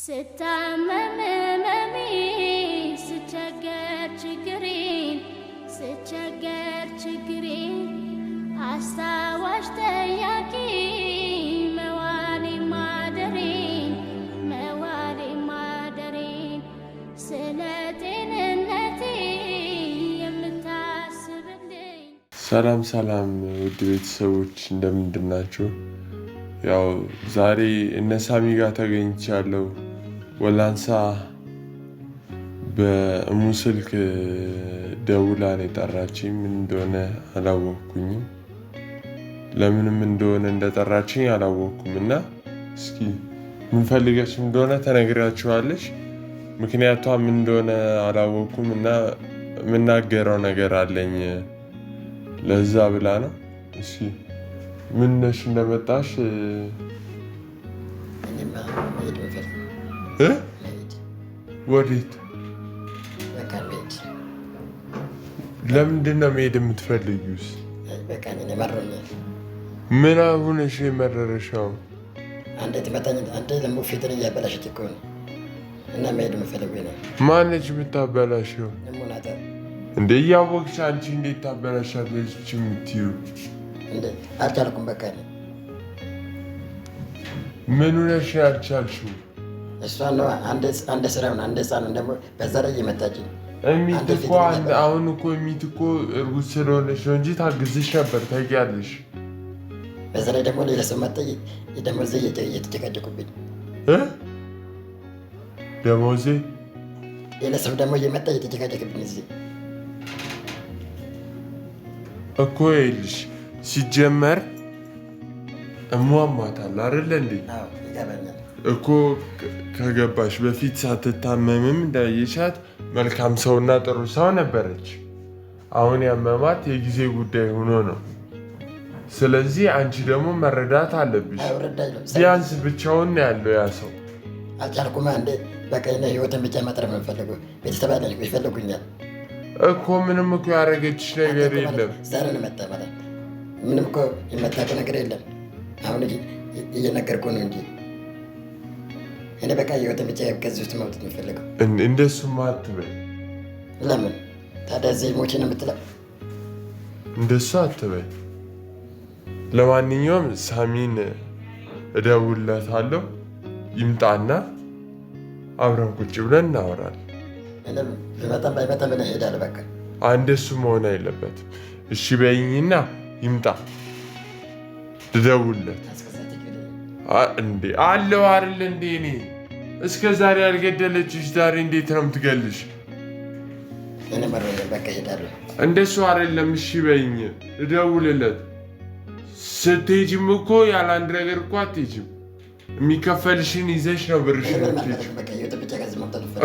ስታመም መሜ ስቸገር ችግሬን ስቸገር ችግሬን አስታዋሽ ጠያቂ መዋሌ ማደሬን መዋሌ ማደሬን ስለ ጤንነቴ የምታስብልኝ። ሰላም ሰላም፣ ውድ ቤተሰቦች እንደምንድናቸው? ያው ዛሬ እነ ሳሚ ጋር ተገኝቻለሁ። ወላንሳ በእሙ ስልክ ደውላን የጠራችኝ ምን እንደሆነ አላወቅኩኝም። ለምንም እንደሆነ እንደጠራችኝ አላወቅኩም እና እስኪ ምንፈልገች እንደሆነ ተነግሪያችኋለች። ምክንያቷ ምን እንደሆነ አላወቅኩም እና የምናገረው ነገር አለኝ ለዛ ብላ ነው። እስኪ ምን ነሽ እንደመጣሽ ወዴት? ለምንድን ነው መሄድ የምትፈልጊውስ? ምን አሁንሽ የመረረሻው? አንዴ ትመታኝ፣ አንዴ ደግሞ ፊትን እያበላሸች እኮ ነው። እና መሄድ ነው። ማነች እንደ እያወቅሽ አንቺ እንዴት ታበላሻለች የምትዩ? አልቻልኩም። በቃ ምን አልቻልሽው? እሷ ነው አንድ ስራ አንድ ህፃን ደግሞ በዛ ላይ የመጣችኝ እሚት እኮ አሁን እኮ እሚት እኮ እርጉዝ ስለሆነች ነው እንጂ ታግዝሽ ነበር ታውቂያለሽ። በዛ ላይ ደግሞ ሌላ ሰው መጣ ደሞዜ እየተጨቀጨቁብኝ ደሞዜ ሌላ ሰው ደግሞ እየመጣ እየተጨቀጨቅብኝ እዚህ እኮ ይኸውልሽ ሲጀመር እሟሟታል አይደለ እንዴ ይገባኛል እኮ ከገባሽ በፊት ሳትታመምም እንዳየሻት መልካም ሰውና ጥሩ ሰው ነበረች። አሁን ያመማት የጊዜ ጉዳይ ሆኖ ነው። ስለዚህ አንቺ ደግሞ መረዳት አለብሽ። ቢያንስ ብቻውን ያለው ያ ሰው አልቻልኩም። አንዴ በቀኝ ህይወትን ብቻ መጥረፍ ነው ቤተሰብ አለ ይፈልጉኛል እኮ ምንም እኮ ያደረገችሽ ነገር የለም። ዛሬን መጣ ማለት ምንም እኮ የመጣችው ነገር የለም። አሁን እየነገርኩ ነው እንጂ እኔ በቃ የወደ ብቻ ገዝብት ውስጥ የሚፈልገው እንደሱ እንደሱማ ለምን ታዲያ እዚህ ሞች ነው የምትለው? እንደሱ አትበይ። ለማንኛውም ሳሚን እደውልለታለሁ ይምጣና አብረን ቁጭ ብለን እናወራለን። በጣም በጣም ሄዳል። በቃ አንድ እሱ መሆን አይለበትም። እሺ በይኝና ይምጣ ልደውልለት እንዴ አለው አይደል እንዴ እኔ እስከ ዛሬ ያልገደለችሽ ዛሬ እንዴት ነው የምትገልሽ? እንደሱ አይደለም። እሺ በይኝ፣ እደውልለት። ስትሄጂም እኮ ያለ አንድ ነገር እኮ አትሄጂም። የሚከፈልሽን ይዘሽ ነው ብርሽን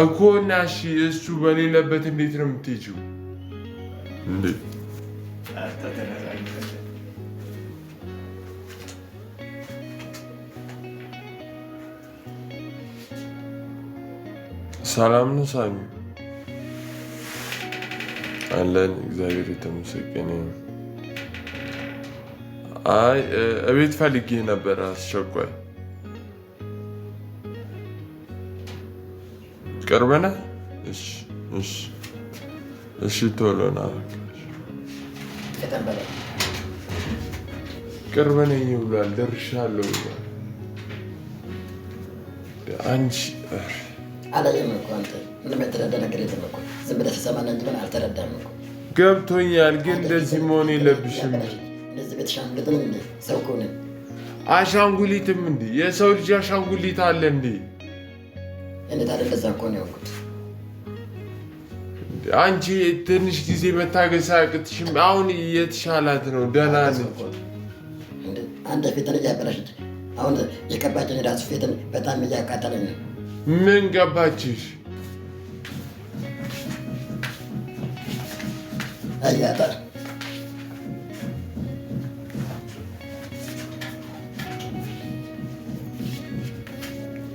እኮ እና እሺ፣ እሱ በሌለበት እንዴት ነው የምትሄጂው? ሰላም ነው ሳሚ አለን። እግዚአብሔር የተመሰገነ አይ እቤት ፈልጌ ነበር አስቸኳይ። ቅርብ ነህ? እሺ ቶሎ ና። ቅርብ ነኝ ብሏል። ደርሻለሁ። አንቺ አላየም እኮ አንተ ምንም የተረዳ ነገር የለም እኮ ዝም ብለህ እንጂ ምን አልተረዳም እኮ ገብቶኛል። ግን እንደዚህ መሆን የለብሽም። እንደዚህ እንደ ሰው አሻንጉሊትም እንደ የሰው ልጅ አሻንጉሊት አለ እንደ እኔ ታዲያ እንደዛ እኮ ነው ያልኩት። አንቺ ትንሽ ጊዜ መታገስ አያቅትሽም? አሁን የተሻላት ነው፣ ደህና ነች። ፊትን እያበላሸች አሁን የቀባችን ራሱ ፊትን በጣም እያቃጠለኝ ነው ምን ገባችሽ?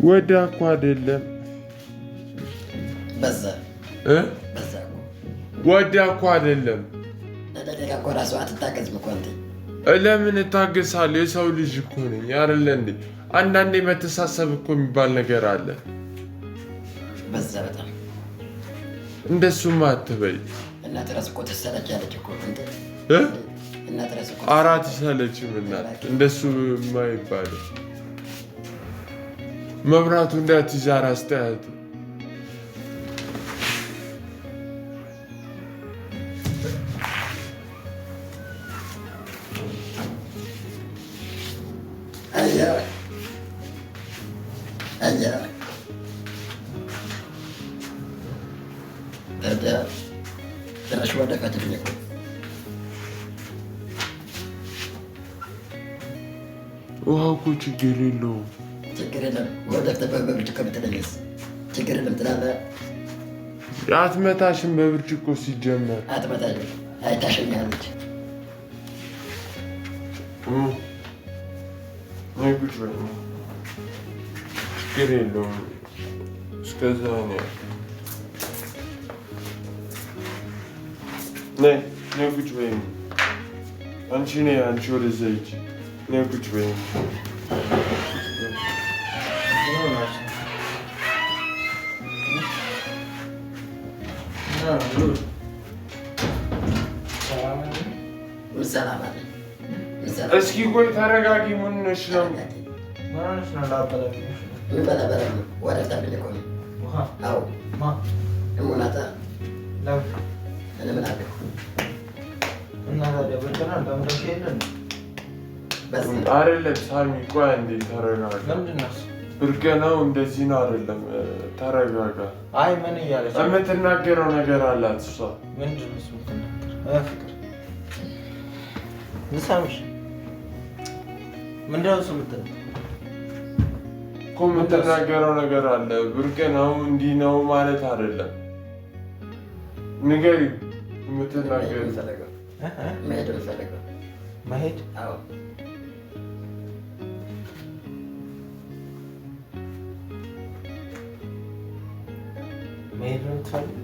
ወዳ እኮ አይደለም ወዳ እኮ አይደለም። ለምን እታገሳለሁ? የሰው ልጅ እኮ ነኝ አይደለ እንዴ? አንዳንዴ መተሳሰብ እኮ የሚባል ነገር አለ። በዛ በጣም እንደሱማ አትበይ። እናት እኮ ትሰለቻለች እኮ አራት ሰለችም እናት እንደሱ የማይባለው መብራቱ እንዳትይዛ ራስ Wako ችግር ችግር የለም። ወደፍ በብርጭቆ ብትመልስ ችግር የለም ትላለህ። አትመታሽም። በብርጭቆ ሲጀመር አትመታሽም። አይታሸኛለች። ችግር የለውም። እስከዛ ነይ ነይ ቁጭ በይ። አንቺ ነይ አንቺ ወደዛ ሂጂ Ne güç benim. Ne var? Ne var? Dur. Selam edin. Selam edin. Eski koy taragaki bunun işlem. Bunun işlem daha bala bir بلا بلا ولا تعمل لكم وها أو ما المناطة لا أنا ملعب أنا هذا بدران ده مدرسين አይደለም ሳሚ፣ ቆይ አንዴ ተረጋጋ። እንደዚህ ነው አይደለም፣ ተረጋጋ። አይ ምን እያለች የምትናገረው ነገር አላት እሷ። ነው ነው እኮ የምትናገረው ነገር አለ። ብርገናው እንዲህ ነው ማለት አይደለም። ንገሪ የምትናገረው መሄድ መሄድ ነው የምትፈልግ?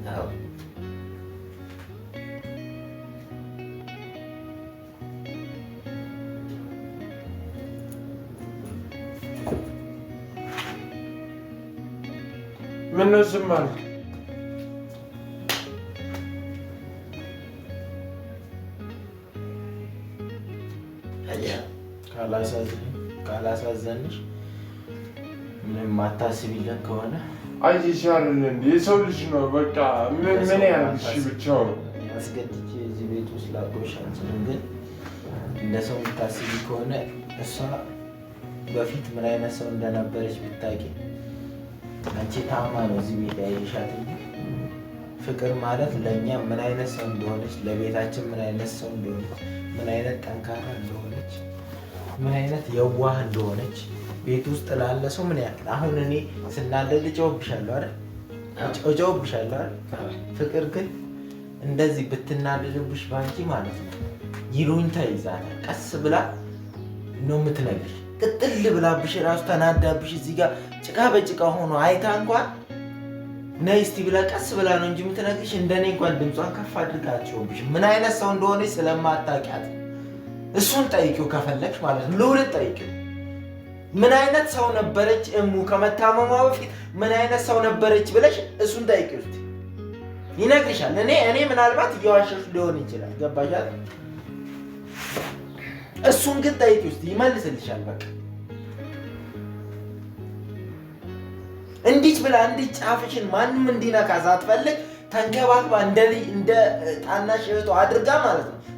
ምነው ዝም አልክ? ካላሳዘንሽ ምንም አታስቢለን ከሆነ አይሽ አይደል የሰው ልጅ ነው። በቃ ምን ምን ያህል እሺ ብቻው አስገድቼ እዚህ ቤት ውስጥ ላቆሽ አልችልም። ግን እንደ ሰው የምታስቢ ከሆነ እሷ በፊት ምን አይነት ሰው እንደነበረች ብታውቂ፣ አንቺ ታማ ነው እዚህ ቤት ያየሻት እንጂ ፍቅር ማለት ለእኛ ምን አይነት ሰው እንደሆነች፣ ለቤታችን ምን አይነት ሰው እንደሆነች፣ ምን አይነት ጠንካራ እንደሆነ ምን አይነት የዋህ እንደሆነች ቤት ውስጥ ላለ ሰው ምን ያህል አሁን እኔ ስናደድ እጨውብሻለሁ አይደል? አይደል? ፍቅር ግን እንደዚህ ብትናደድብሽ ባንቺ ማለት ነው ይሉኝታ ይዛል። ቀስ ብላ ነው የምትነግርሽ። ቅጥል ብላብሽ ራሱ ተናዳብሽ እዚህ ጋር ጭቃ በጭቃ ሆኖ አይታ እንኳን ነይ እስቲ ብላ ቀስ ብላ ነው እንጂ የምትነግርሽ። እንደኔ እንኳን ድምጿን ከፍ አድርጋቸውብሽ ምን አይነት ሰው እንደሆነች ስለማታውቂያት እሱን ጠይቂው ከፈለግሽ ማለት ነው። ልውልድ ጠይቂው። ምን አይነት ሰው ነበረች እሙ ከመታመሟ በፊት ምን አይነት ሰው ነበረች ብለሽ እሱን ጠይቂው። ይነግርሻል። እኔ እኔ ምናልባት እየዋሸሽ ሊሆን ይችላል። ገባሻል? እሱን ግን ጠይቂው እስኪ ይመልስልሻል። በቃ እንዲች ብላ እንዲች ጫፍሽን ማንም እንዲነካ ሳትፈልግ ተንከባክባ እንደ ታናሽ እህቷ አድርጋ ማለት ነው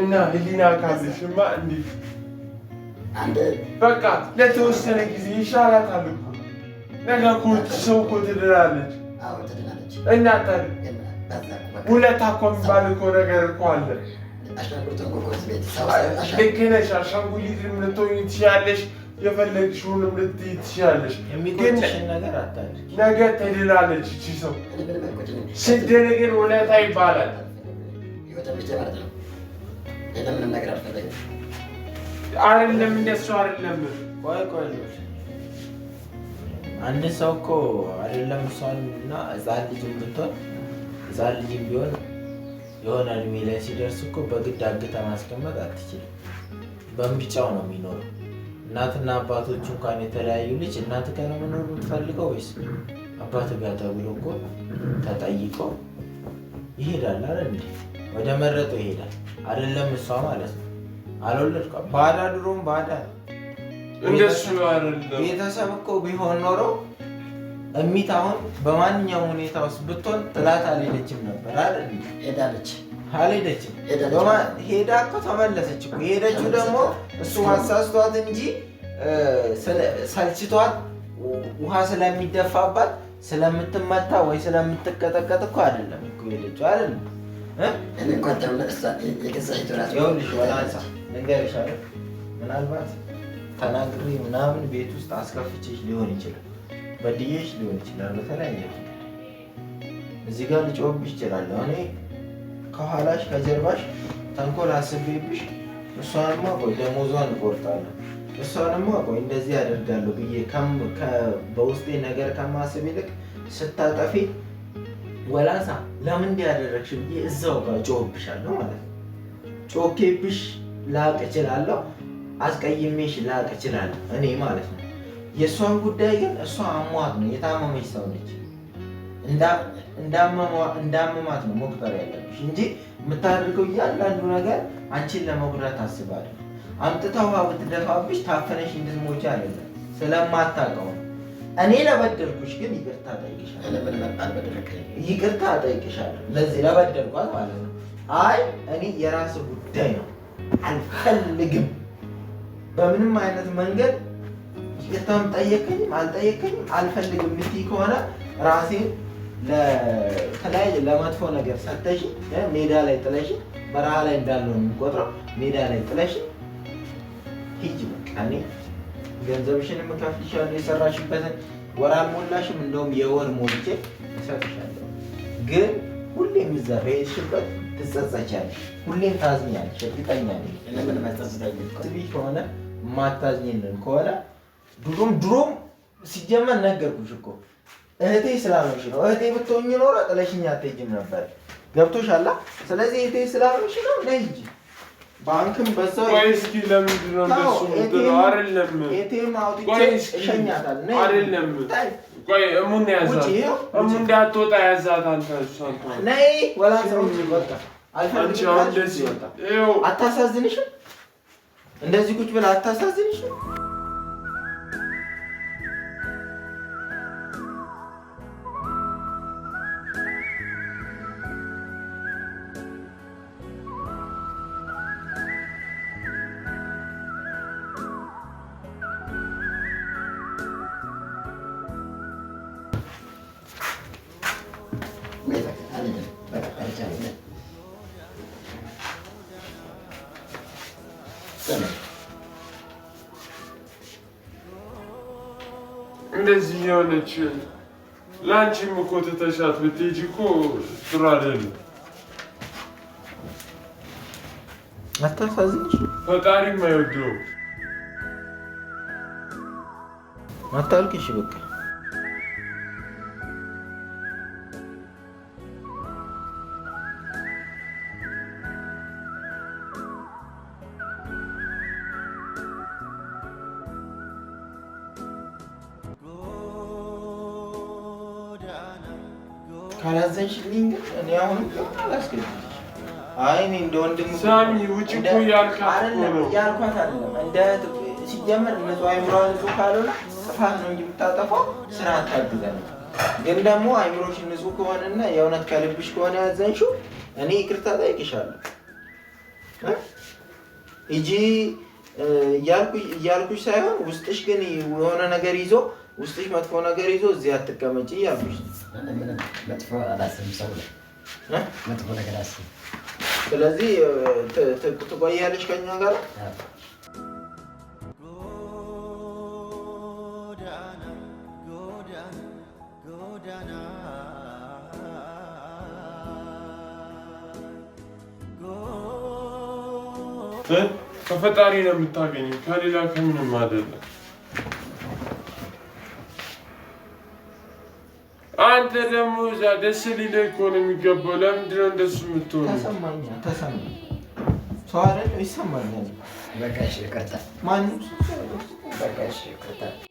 እና ህሊና ካለሽማ እንዴት በቃ ለተወሰነ ጊዜ ይሻላታል እኮ ነገ እኮ ሰው እኮ ትድናለች። እና ውለታ እኮ የሚባል እኮ ነገር እኮ አለ። ልክ ነሽ። አሻንጉሊት ልትሆኚ ትችያለሽ። የፈለግሽውንም ልትይ ትችያለሽ። ነገ ትድናለች እቺ ሰው። ስንት ነገር ይባላል። ምንም ነገር አልፈለግም። አይደለም እንደሱ አይደለም። ቆይ ቆይ አንድ ሰው እኮ አይደለም እሷን እና ህፃን ልጅ ብትሆን ህፃን ልጅም ቢሆን የሆነ እድሜ ላይ ሲደርስ እኮ በግድ አግተህ ማስቀመጥ አትችልም። በምርጫው ነው የሚኖረው። እናትና አባቶች እንኳን የተለያዩ ልጅ እናት ጋር ነው መኖር የምትፈልገው ወይስ አባት ጋር ተብሎ እኮ ተጠይቀው ይሄዳል አይደል? ወደ መረጠው ይሄዳል። አይደለም እሷ ማለት ነው። አልወለድኩም ባዳ ድሮም ባዳ እንደሱ ቤተሰብ እኮ ቢሆን ኖሮ እሚት አሁን በማንኛውም ሁኔታ ውስጥ ብትሆን ጥላት አልሄደችም ነበር አይደል? ሄዳለች። አልሄደችም። ሄዳ እኮ ተመለሰች እኮ። የሄደችው ደግሞ እሱ አሳስቷት እንጂ ሰልችቷት ውሃ ስለሚደፋባት ስለምትመታ ወይ ስለምትቀጠቀጥ እኮ አይደለም እኮ ሄደችው አይደለም ምናልባት ተናግሬ ምናምን ቤት ውስጥ አስከፍቼሽ ሊሆን ይችላል፣ በድዬሽ ሊሆን ይችላል። በተለያየ እዚህ ጋር ልጮህብሽ እችላለሁ። እኔ ከኋላሽ ከጀርባሽ ተንኮል አስቤብሽ እሷንማ ቆይ ደሞዟን እቆርጣለሁ፣ እሷንማ ቆይ እንደዚህ አደርጋለሁ ብዬ በውስጤ ነገር ከማስብ ይልቅ ስታጠፊ ወላሳ ለምን እንዲያደረግሽ ብዬ እዛው ጋር ጮህብሻለሁ ማለት ነው። ጮኬብሽ ላቅ እችላለሁ፣ አስቀይሜሽ ላቅ እችላለሁ እኔ ማለት ነው። የእሷን ጉዳይ ግን እሷ አሟት ነው የታመመች ሰው ነች። እንዳመማት ነው መቁጠር ያለብሽ እንጂ የምታደርገው እያንዳንዱ ነገር አንቺን ለመጉዳት አስባለሁ። አምጥታ ውሃ ብትደፋብሽ ታፈነሽ እንድትሞች አይደለም ስለማታውቀው እኔ ለበደልኩሽ ግን ይቅርታ እጠይቅሻለሁ። ለምን መጣል በደረከኝ? ይቅርታ እጠይቅሻለሁ። ለዚህ ለበደልኳት ማለት ነው። አይ እኔ የራስ ጉዳይ ነው አልፈልግም። በምንም አይነት መንገድ ይቅርታም ጠየቀኝም አልጠየቀኝም አልፈልግም የምትይ ከሆነ ራሴን ለተለያየ ለመጥፎ ነገር ሰተሽ ሜዳ ላይ ጥለሽ በረሃ ላይ እንዳለው የሚቆጥረው ሜዳ ላይ ጥለሽ ሂጅ በቃ እኔ ገንዘብሽን የምከፍልሻለሁ የሰራሽበትን ወር አልሞላሽም፣ እንደውም የወር ሞልቼ እሰጥሻለሁ። ግን ሁሌም እዛ በሄድሽበት ትጸጸቻለሽ፣ ሁሌም ታዝኛለሽ። እርግጠኛ ለምን መጸጸትሽ ከሆነ ማታዝኝልን ከሆነ ድሮም ድሮም ሲጀመር ነገርኩሽ እኮ እህቴ ስላልሆንሽ ነው። እህቴ ብትሆኝ ኖረ ጥለሽኝ አትሄጂም ነበር። ገብቶሻል? ስለዚህ እህቴ ስላልሆንሽ ነው ነይ እንጂ ባንክም በዛ ቆይ እስኪ ለምንድን ነው እንደሱ ምንድነው? አይደለም ኤቲኤም አውጥቼ እሸኛታል። አይደለም ቆይ እሙን ያዛት እሙን እንዳትወጣ ያዛት። አንተ ነይ ወላ ሰው ወጣ አልፈልግም። አንቺ አታሳዝንሽም? እንደዚህ ቁጭ ብላ አታሳዝንሽም? የሆነች ለአንቺም እኮ ትተሻት ብትሄጂ እኮ ጥሩ አይደለም። አታሳዝኝ፣ ፈጣሪም አይወደውም። አታልቅሽ በቃ ካላዘንሽልኝ ግን እኔ አሁን አላስገድድሽም። አይ እኔ እንደ ወንድም ሳሚ ውጭ እኮ ያልኳት አይደለም እንደ ሲጀመር ንጹህ አይምሮ ንጹህ ካልሆነ ጥፋት ነው እንጂ የምታጠፋው ስራ ታግዛለች። ግን ደግሞ አይምሮሽ ንጹህ ከሆነና የእውነት ከልብሽ ከሆነ ያዘንሽው እኔ ይቅርታ ጠይቅሻለሁ እንጂ እያልኩሽ ሳይሆን ውስጥሽ ግን የሆነ ነገር ይዞ ውስጥሽ መጥፎ ነገር ይዞ እዚህ አትቀመጪ እያሉሽ ስለዚህ ትቆያለሽ ከኛ ጋር ከፈጣሪ ነው የምታገኘው፣ ከሌላ ከምንም አይደለም። አንተ ደግሞ እዛ ደስ ሊለህ እኮ ነው የሚገባው። ለምንድን ነው እንደሱ የምትሆነው? ተሰማኛል ተሰማኝ። ሰው አይደለሁ ይሰማኛል። በቃ እሺ ይቅርታ። ማንም በቃ እሺ ይቅርታ